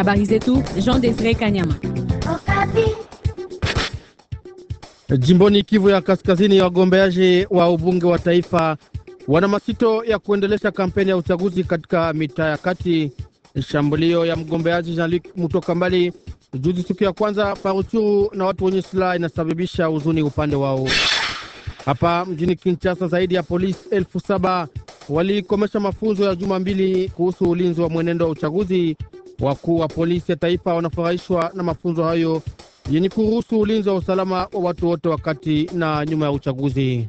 Habari zetu Jean Desire Kanyama. Jimboni Kivu ya Kaskazini, wagombeaji wa ubunge wa taifa wana masito ya kuendelesha kampeni ya uchaguzi katika mitaa ya kati. Shambulio ya mgombeaji Jean-Luc Mutokambali juzi siku ya kwanza paruchuru na watu wenye silaha inasababisha huzuni upande wao. Hapa mjini Kinshasa, zaidi ya polisi elfu saba walikomesha mafunzo ya juma mbili kuhusu ulinzi wa mwenendo wa uchaguzi. Wakuu wa polisi ya taifa wanafurahishwa na mafunzo hayo yenye kuruhusu ulinzi wa usalama wa watu wote wakati na nyuma ya uchaguzi.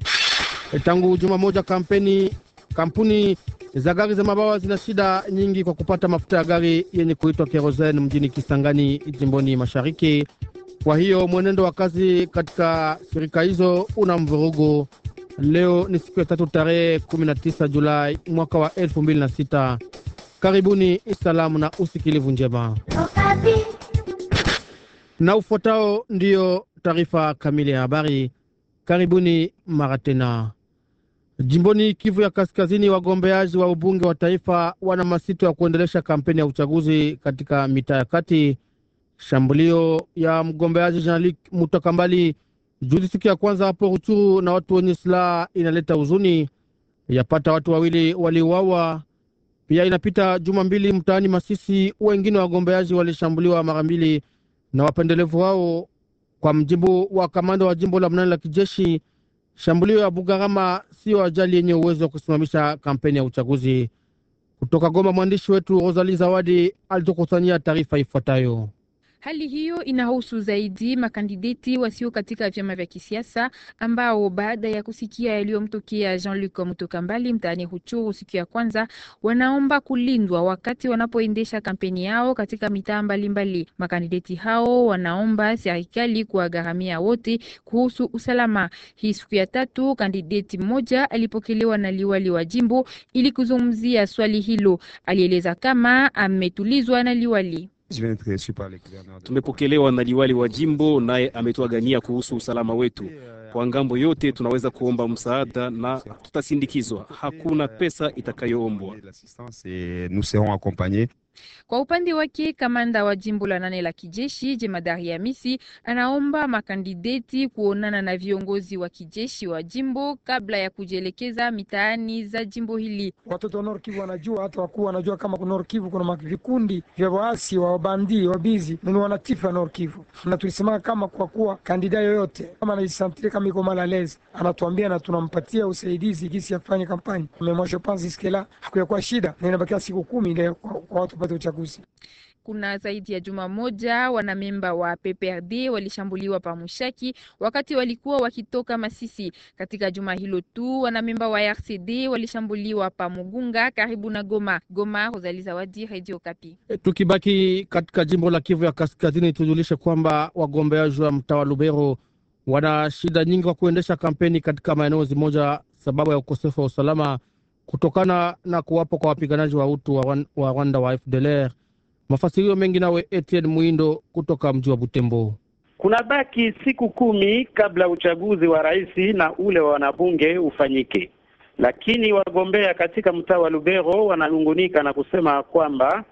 Tangu juma moja, kampeni kampuni za gari za mabawa zina shida nyingi kwa kupata mafuta ya gari yenye kuitwa kerosen mjini Kisangani, jimboni Mashariki. Kwa hiyo mwenendo wa kazi katika shirika hizo una mvurugo. Leo ni siku ya tatu tarehe 19 Julai mwaka wa 2006. Karibuni, salamu na usikilivu njema. Na ufuatao ndiyo taarifa kamili ya habari. Karibuni mara tena. Jimboni Kivu ya Kaskazini, wagombeaji wa ubunge wa taifa wana masito ya kuendelesha kampeni ya uchaguzi katika mitaa ya kati. Shambulio ya mgombeaji Jean-Luc Mutakambali juzi siku ya kwanza hapo Ruchuru na watu wenye silaha inaleta huzuni. Yapata watu wawili waliuawa pia inapita juma mbili mtaani Masisi, wengine wagombeaji walishambuliwa mara mbili na wapendelevu wao, kwa mjibu wa kamanda wa jimbo la mnane la kijeshi. Shambulio ya Bugarama sio ajali yenye uwezo wa kusimamisha kampeni ya uchaguzi. Kutoka Goma, mwandishi wetu Rosali Zawadi alitukusanyia taarifa ifuatayo. Hali hiyo inahusu zaidi makandideti wasio katika vyama vya kisiasa ambao baada ya kusikia yaliyomtokea Jean-Luc Mutokambali mtaani Huchuru siku ya kwanza, wanaomba kulindwa wakati wanapoendesha kampeni yao katika mitaa mbalimbali. Makandideti hao wanaomba serikali kuwagharamia wote kuhusu usalama. Hii siku ya tatu, kandideti mmoja alipokelewa na liwali wa jimbo ili kuzungumzia swali hilo. Alieleza kama ametulizwa na liwali. Tumepokelewa na liwali wa jimbo, naye ametuagania kuhusu usalama wetu. Kwa ngambo yote tunaweza kuomba msaada na tutasindikizwa. Hakuna pesa itakayoombwa. Kwa upande wake kamanda wa jimbo la nane la kijeshi jemadari Hamisi anaomba makandideti kuonana na viongozi wa kijeshi wa jimbo kabla ya kujielekeza mitaani za jimbo hili. Watoto wa Norkivu wanajua, hata wakuu wanajua kama North Norkivu kuna vikundi vya waasi wa wabandii wabizi nini wanatifa North Kivu, na tulisema kama kwa kuwa kandida yoyote kama anajisantiri kama iko malalezi anatuambia na tunampatia usaidizi jinsi afanye kampani. Memwashopanziskela hakuyakuwa shida na inabakia siku kumi kwa watu kupata uchaguzi. Kuna zaidi ya juma moja wanamemba wa PPRD walishambuliwa pa Mushaki wakati walikuwa wakitoka Masisi. Katika juma hilo tu wanamemba wa RCD walishambuliwa pa Mugunga karibu na Goma. Goma, Rosali Zawadi, Radio Kapi. Eh, tukibaki katika jimbo la Kivu ya Kaskazini, tujulishe kwamba wagombeaji wa mtaa wa Lubero wana shida nyingi kwa kuendesha kampeni katika maeneo zimoja sababu ya ukosefu wa usalama kutokana na kuwapo kwa wapiganaji wa utu wa Rwanda wa FDLR. Mafasirio mengi nawe Etienne Mwindo kutoka mji wa Butembo. Kunabaki siku kumi kabla uchaguzi wa rais na ule wa wanabunge ufanyike, lakini wagombea katika mtaa wa Lubero wananungunika na kusema kwamba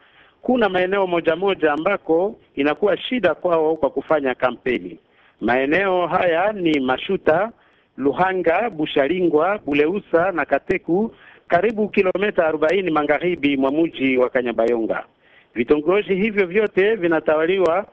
kuna maeneo moja moja ambako inakuwa shida kwao kwa kufanya kampeni. Maeneo haya ni Mashuta, Luhanga, Busharingwa, Buleusa na Kateku karibu kilomita arobaini magharibi mwa mji wa Kanyabayonga. Vitongoji hivyo vyote vinatawaliwa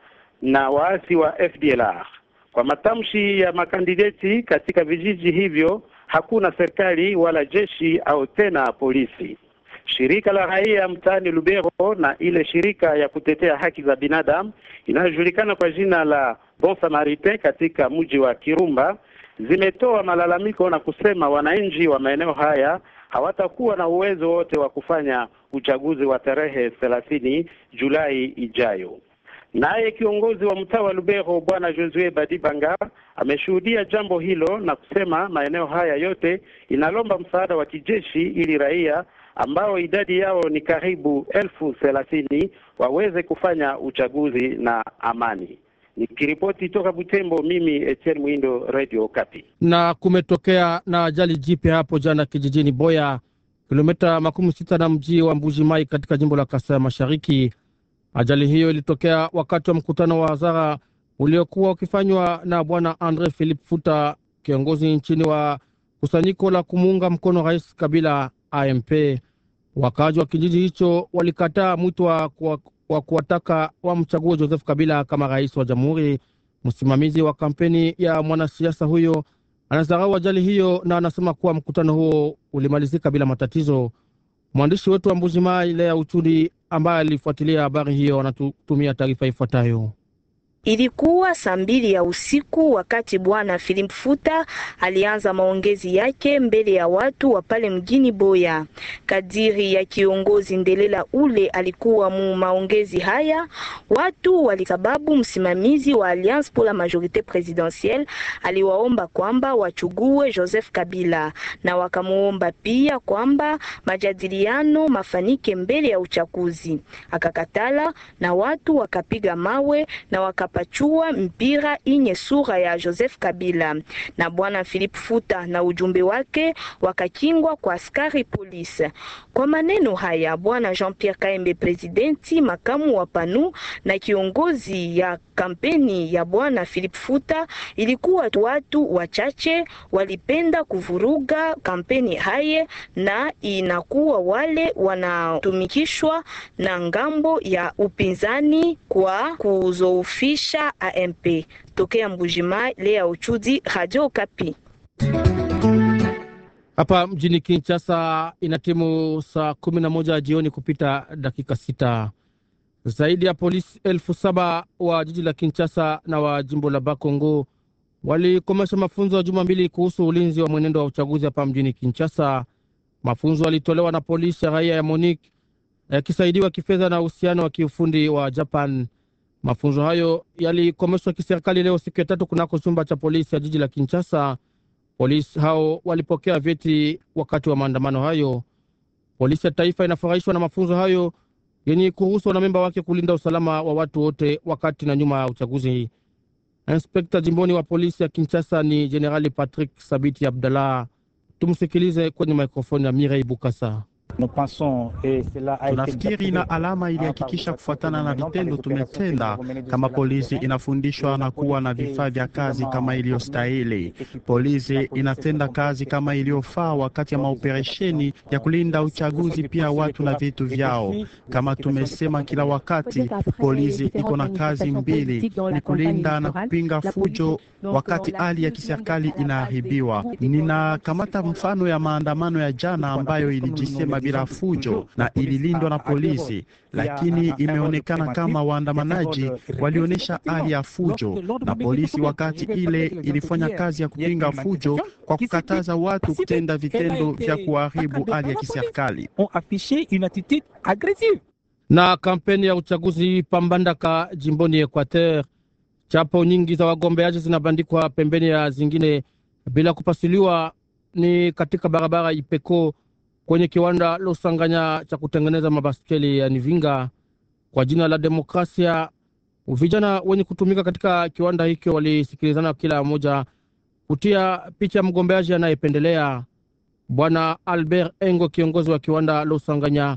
na waasi wa FDLR. Kwa matamshi ya makandideti katika vijiji hivyo, hakuna serikali wala jeshi au tena polisi. Shirika la raia mtaani Lubero na ile shirika ya kutetea haki za binadamu inayojulikana kwa jina la Bon Samaritain katika mji wa Kirumba zimetoa malalamiko na kusema wananchi wa maeneo haya hawatakuwa na uwezo wote wa kufanya uchaguzi wa tarehe thelathini Julai ijayo. Naye kiongozi wa mtaa wa Lubero Bwana Josue Badibanga ameshuhudia jambo hilo na kusema maeneo haya yote inalomba msaada wa kijeshi ili raia ambao idadi yao ni karibu elfu thelathini waweze kufanya uchaguzi na amani. Nikiripoti toka Butembo, mimi Etienne Mwindo, Radio Okapi. Na kumetokea na ajali jipya hapo jana kijijini Boya, kilomita makumi sita na mji wa Mbuji Mai katika jimbo la Kasai Mashariki. Ajali hiyo ilitokea wakati wa mkutano wa hadhara uliokuwa ukifanywa na bwana Andre Philip Futa, kiongozi nchini wa kusanyiko la kumuunga mkono rais Kabila, AMP. Wakaaji wa kijiji hicho walikataa mwito wa wa kuwataka wamchague Joseph Kabila kama rais wa jamhuri. Msimamizi wa kampeni ya mwanasiasa huyo anadharau ajali hiyo na anasema kuwa mkutano huo ulimalizika bila matatizo. Mwandishi wetu wa Mbuji Mai Lea Uchudi ambaye alifuatilia habari hiyo anatutumia taarifa ifuatayo. Ilikuwa saa mbili ya usiku wakati bwana Philip Futa alianza maongezi yake mbele ya watu wa pale mjini Boya. Kadiri ya kiongozi Ndelela ule alikuwa mu maongezi haya, watu walisababu msimamizi wa Alliance pour la Majorité Présidentielle aliwaomba kwamba wachugue Joseph Kabila na wakamuomba pia kwamba majadiliano mafanike mbele ya uchaguzi. Akakatala na watu wakapiga mawe na waka kupachua mpira inye sura ya Joseph Kabila na bwana Philip Futa na ujumbe wake wakakingwa kwa askari polisi. Kwa maneno haya, bwana Jean Pierre Kaembe, presidenti makamu wa PANU na kiongozi ya kampeni ya bwana Philip Futa, ilikuwa watu wachache walipenda kuvuruga kampeni haye, na inakuwa wale wanatumikishwa na ngambo ya upinzani kwa kuzoofisha Elisha AMP tokea Mbujimai, Lea Uchudi, Radio Okapi. Hapa mjini Kinshasa ina timu saa kumi na moja jioni kupita dakika sita. Zaidi ya polisi elfu saba wa jiji la Kinshasa na wa jimbo la Bakongo walikomesha mafunzo ya juma mbili kuhusu ulinzi wa mwenendo wa uchaguzi hapa mjini Kinshasa. Mafunzo yalitolewa na polisi ya raia ya Monique yakisaidiwa kifedha na uhusiano wa kiufundi wa Japan. Mafunzo hayo yalikomeshwa kiserikali leo siku ya tatu kunako chumba cha polisi ya jiji la Kinshasa. Polisi hao walipokea vyeti wakati wa maandamano hayo. Polisi ya taifa inafurahishwa na mafunzo hayo yenye kuruhusu wanamemba wake kulinda usalama wa watu wote wakati na nyuma ya uchaguzi. Inspekta jimboni wa polisi ya Kinshasa ni Jenerali Patrick Sabiti Abdallah. Tumsikilize kwenye mikrofoni ya Mirei Bukasa. Tunafikiri na alama ilihakikisha kufuatana na vitendo tumetenda. Kama polisi inafundishwa na kuwa na vifaa vya kazi kama iliyostahili, polisi inatenda kazi kama iliyofaa wakati ya maoperesheni ya kulinda uchaguzi, pia watu na vitu vyao. Kama tumesema kila wakati, polisi iko na kazi mbili, ni kulinda na kupinga fujo wakati hali ya kiserikali inaharibiwa. Ninakamata mfano ya maandamano ya jana ambayo ilijisema bila fujo na ililindwa na polisi, lakini imeonekana kama waandamanaji walionyesha hali ya fujo, na polisi wakati ile ilifanya kazi ya kupinga fujo kwa kukataza watu kutenda vitendo vya kuharibu hali ya kiserikali na kampeni ya uchaguzi pambandaka jimboni Equateur, chapo nyingi za wagombeaji zinabandikwa pembeni ya zingine bila kupasuliwa, ni katika barabara Ipeko kwenye kiwanda losanganya cha kutengeneza mabaskeli ya Nivinga kwa jina la demokrasia. Vijana wenye kutumika katika kiwanda hicho walisikilizana kila mmoja kutia picha ya mgombeaji anayependelea. Bwana Albert Engo, kiongozi wa kiwanda losanganya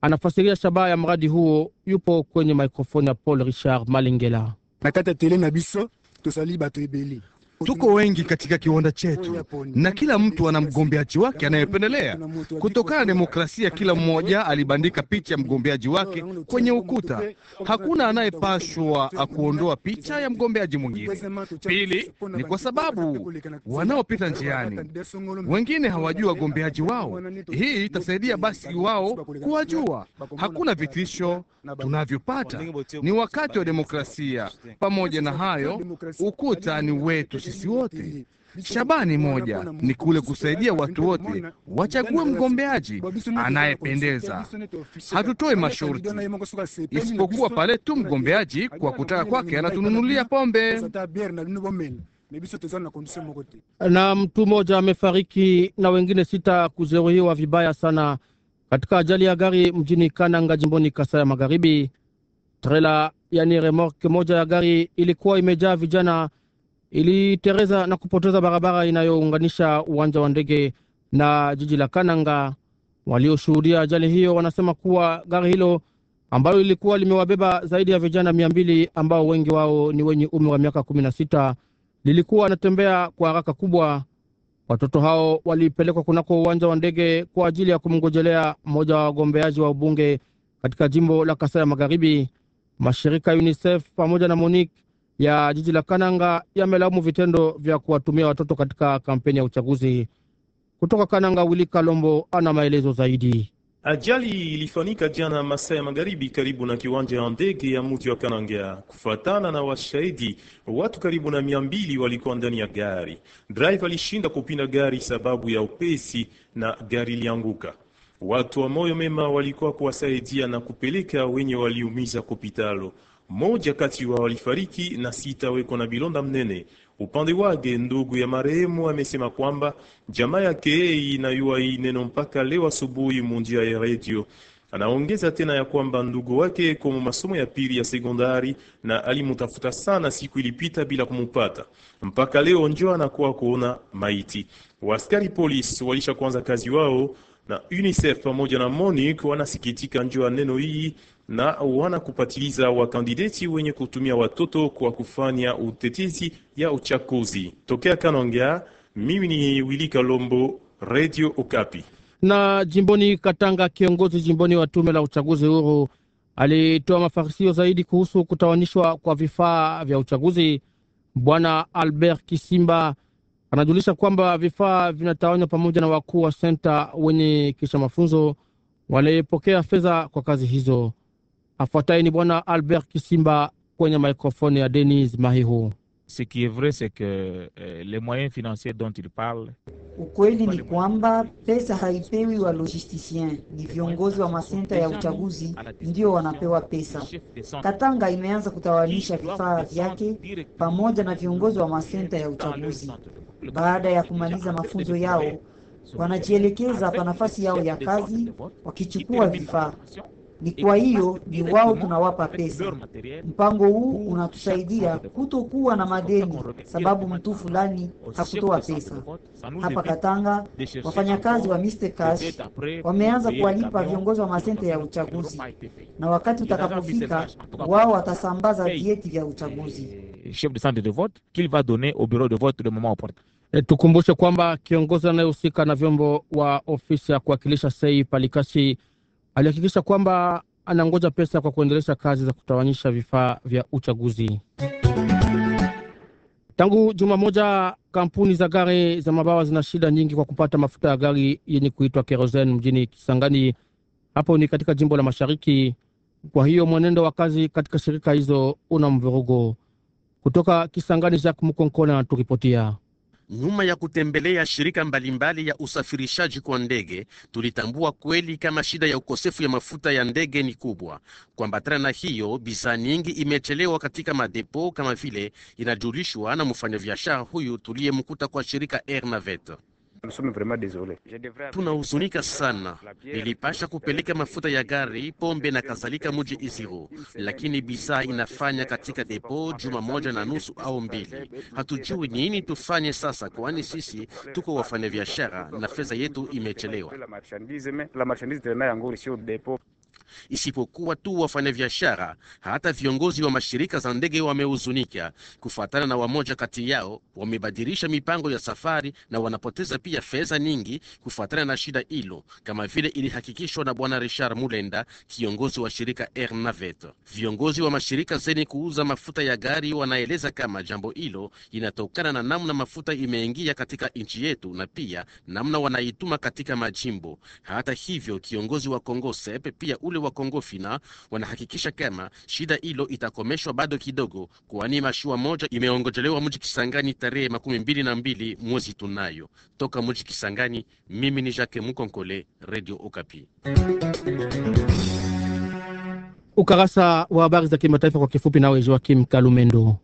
anafasiria shabaha ya mradi huo. Yupo kwenye maikrofoni ya Paul Richard Malingela. na kati ya tele na biso tosali bato ebele Tuko wengi katika kiwanda chetu na kila mtu ana mgombeaji wake anayependelea. Kutokana na demokrasia, kila mmoja alibandika picha ya mgombeaji wake kwenye ukuta. Hakuna anayepashwa kuondoa picha ya mgombeaji mwingine. Pili ni kwa sababu wanaopita njiani wengine hawajui wagombeaji wao. Hii itasaidia basi wao kuwajua. Hakuna vitisho tunavyopata, ni wakati wa demokrasia. Pamoja na hayo, ukuta ni wetu sisi wote. Shabani moja ni kule kusaidia watu wote wachague mgombeaji anayependeza. hatutoe masharti isipokuwa pale tu mgombeaji kwa kutaka kwake anatununulia pombe. Na mtu mmoja amefariki na wengine sita kujeruhiwa vibaya sana katika ajali ya gari mjini Kananga, jimboni Kasai ya Magharibi. Trela yani remorke moja ya gari ilikuwa imejaa vijana iliteleza na kupoteza barabara inayounganisha uwanja wa ndege na jiji la Kananga. Walioshuhudia ajali hiyo wanasema kuwa gari hilo ambalo lilikuwa limewabeba zaidi ya vijana mia mbili ambao wengi wao ni wenye umri wa miaka kumi na sita lilikuwa anatembea kwa haraka kubwa. Watoto hao walipelekwa kunako uwanja wa ndege kwa ajili ya kumngojelea mmoja wa wagombeaji wa ubunge katika jimbo la Kasai ya Magharibi. Mashirika UNICEF pamoja na Monique ya jiji la Kananga yamelaumu vitendo vya kuwatumia watoto katika kampeni ya uchaguzi. Kutoka Kananga, Wili Kalombo ana maelezo zaidi. Ajali ilifanyika jana masaa ya magharibi karibu na kiwanja ya ndege ya mji wa Kananga. Kufuatana na washahidi, watu karibu na mia mbili walikuwa ndani ya gari. Driver alishinda kupinda gari sababu ya upesi na gari lianguka. Watu wa moyo mema walikuwa kuwasaidia na kupeleka wenye waliumiza kupitalo moja kati wao walifariki na sita weko na bilonda mnene. Upande wake ndugu ya marehemu amesema kwamba jamaa yake inayua hii neno mpaka leo asubuhi munjia ya redio. Anaongeza tena ya kwamba ndugu wake komo masomo ya pili ya sekondari na alimutafuta sana siku ilipita bila kumupata, mpaka leo njo anakuwa kuona maiti. Waskari polisi walisha kuanza kazi wao na UNICEF pamoja na MONUC wanasikitika njo neno hii na wana kupatiliza wakandideti wenye kutumia watoto kwa kufanya utetezi ya uchaguzi. Tokea Kanongea, mimi ni Willy Kalombo, Radio Okapi. Na jimboni Katanga, kiongozi jimboni wa tume la uchaguzi huru alitoa mafarisio zaidi kuhusu kutawanishwa kwa vifaa vya uchaguzi. Bwana Albert Kisimba anajulisha kwamba vifaa vinatawanywa pamoja na wakuu wa senta wenye kisha mafunzo walipokea fedha kwa kazi hizo. Afuataye ni Bwana Albert Kisimba kwenye mikrofoni ya Denis Mahihu. Ce qui est vrai c'est que euh, les moyens financiers dont il parle Ukweli ni kwamba pesa haipewi wa logisticien, ni viongozi wa masenta ya uchaguzi ndio wanapewa pesa. Katanga imeanza kutawanisha vifaa vyake pamoja na viongozi wa masenta ya uchaguzi. Baada ya kumaliza mafunzo yao, wanajielekeza pa nafasi yao ya kazi wakichukua vifaa. Ni kwa hiyo ni wao tunawapa pesa. Mpango huu unatusaidia kutokuwa na madeni, sababu mtu fulani hakutoa pesa. Hapa Katanga, wafanyakazi wa Mr Cash wameanza kuwalipa viongozi wa masente ya uchaguzi, na wakati utakapofika wao watasambaza vieti vya uchaguzi eh, chef de centre de vote qu'il va donner au bureau de vote le moment opportun. Eh, tukumbushe kwamba kiongozi anayehusika na vyombo wa ofisi ya kuwakilisha sei Palikashi alihakikisha kwamba anangoja pesa kwa kuendelesha kazi za kutawanyisha vifaa vya uchaguzi. Tangu juma moja kampuni za gari za mabawa zina shida nyingi kwa kupata mafuta ya gari yenye kuitwa kerosen mjini Kisangani, hapo ni katika jimbo la Mashariki. Kwa hiyo mwenendo wa kazi katika shirika hizo una mvurugo. Kutoka Kisangani, Jacques Mukonkona turipotia. Nyuma ya kutembelea shirika mbalimbali ya usafirishaji kwa ndege, tulitambua kweli kama shida ya ukosefu ya mafuta ya ndege ni kubwa. Kuambatana na hiyo, bidhaa nyingi imechelewa katika madepo, kama vile inajulishwa na mfanyabiashara huyu tuliyemkuta kwa shirika Air Navette. Tunahuzunika sana. Nilipasha kupeleka mafuta ya gari, pombe na kadhalika muji Isiro, lakini bisa inafanya katika depo juma moja na nusu au mbili. Hatujui nini tufanye sasa, kwani sisi tuko wafanya biashara na fedha yetu imechelewa isipokuwa tu wafanyabiashara. Hata viongozi wa mashirika za ndege wamehuzunika. Kufuatana na wamoja kati yao, wamebadilisha mipango ya safari na wanapoteza pia fedha nyingi kufuatana na shida hilo, kama vile ilihakikishwa na Bwana Richard Mulenda, kiongozi wa shirika Air Navet. Viongozi wa mashirika zeni kuuza mafuta ya gari wanaeleza kama jambo hilo inatokana na namna mafuta imeingia katika nchi yetu na pia namna wanaituma katika majimbo. Hata hivyo, kiongozi wa Kongo pia ule wa Kongo Fina wanahakikisha kama shida hilo itakomeshwa bado kidogo, kwani mashua moja imeongojelewa mji Kisangani tarehe makumi mbili na mbili mwezi tunayo. Toka mji Kisangani, mimi ni Jacques Mukonkole, Radio Okapi. Ukarasa wa habari za kimataifa kwa kifupi, nawe Joakim Kalumendo.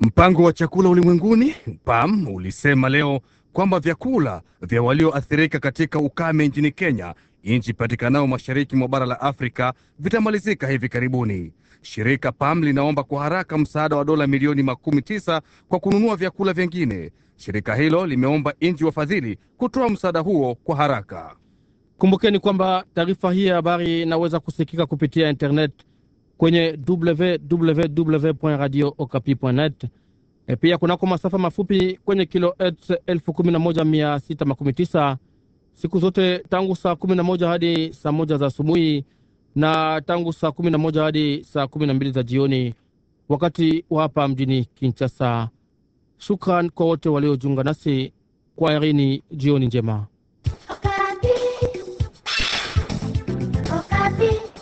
Mpango wa chakula ulimwenguni PAM ulisema leo kwamba vyakula vya walioathirika katika ukame nchini Kenya, nchi patikanayo mashariki mwa bara la Afrika, vitamalizika hivi karibuni. Shirika PAM linaomba kwa haraka msaada wa dola milioni makumi tisa kwa kununua vyakula vyengine. Shirika hilo limeomba nchi wafadhili kutoa msaada huo kwa haraka. Kumbukeni kwamba taarifa hii ya habari inaweza kusikika kupitia internet kwenye www radio okapi net E, pia kunako masafa mafupi kwenye kilohertz 11619 siku zote tangu saa 11 hadi saa moja za asubuhi na tangu saa 11 hadi saa 12 za jioni wakati wa hapa mjini Kinshasa. Shukran kwa wote waliojiunga nasi kwa Irini. jioni njema. Okapi. Okapi.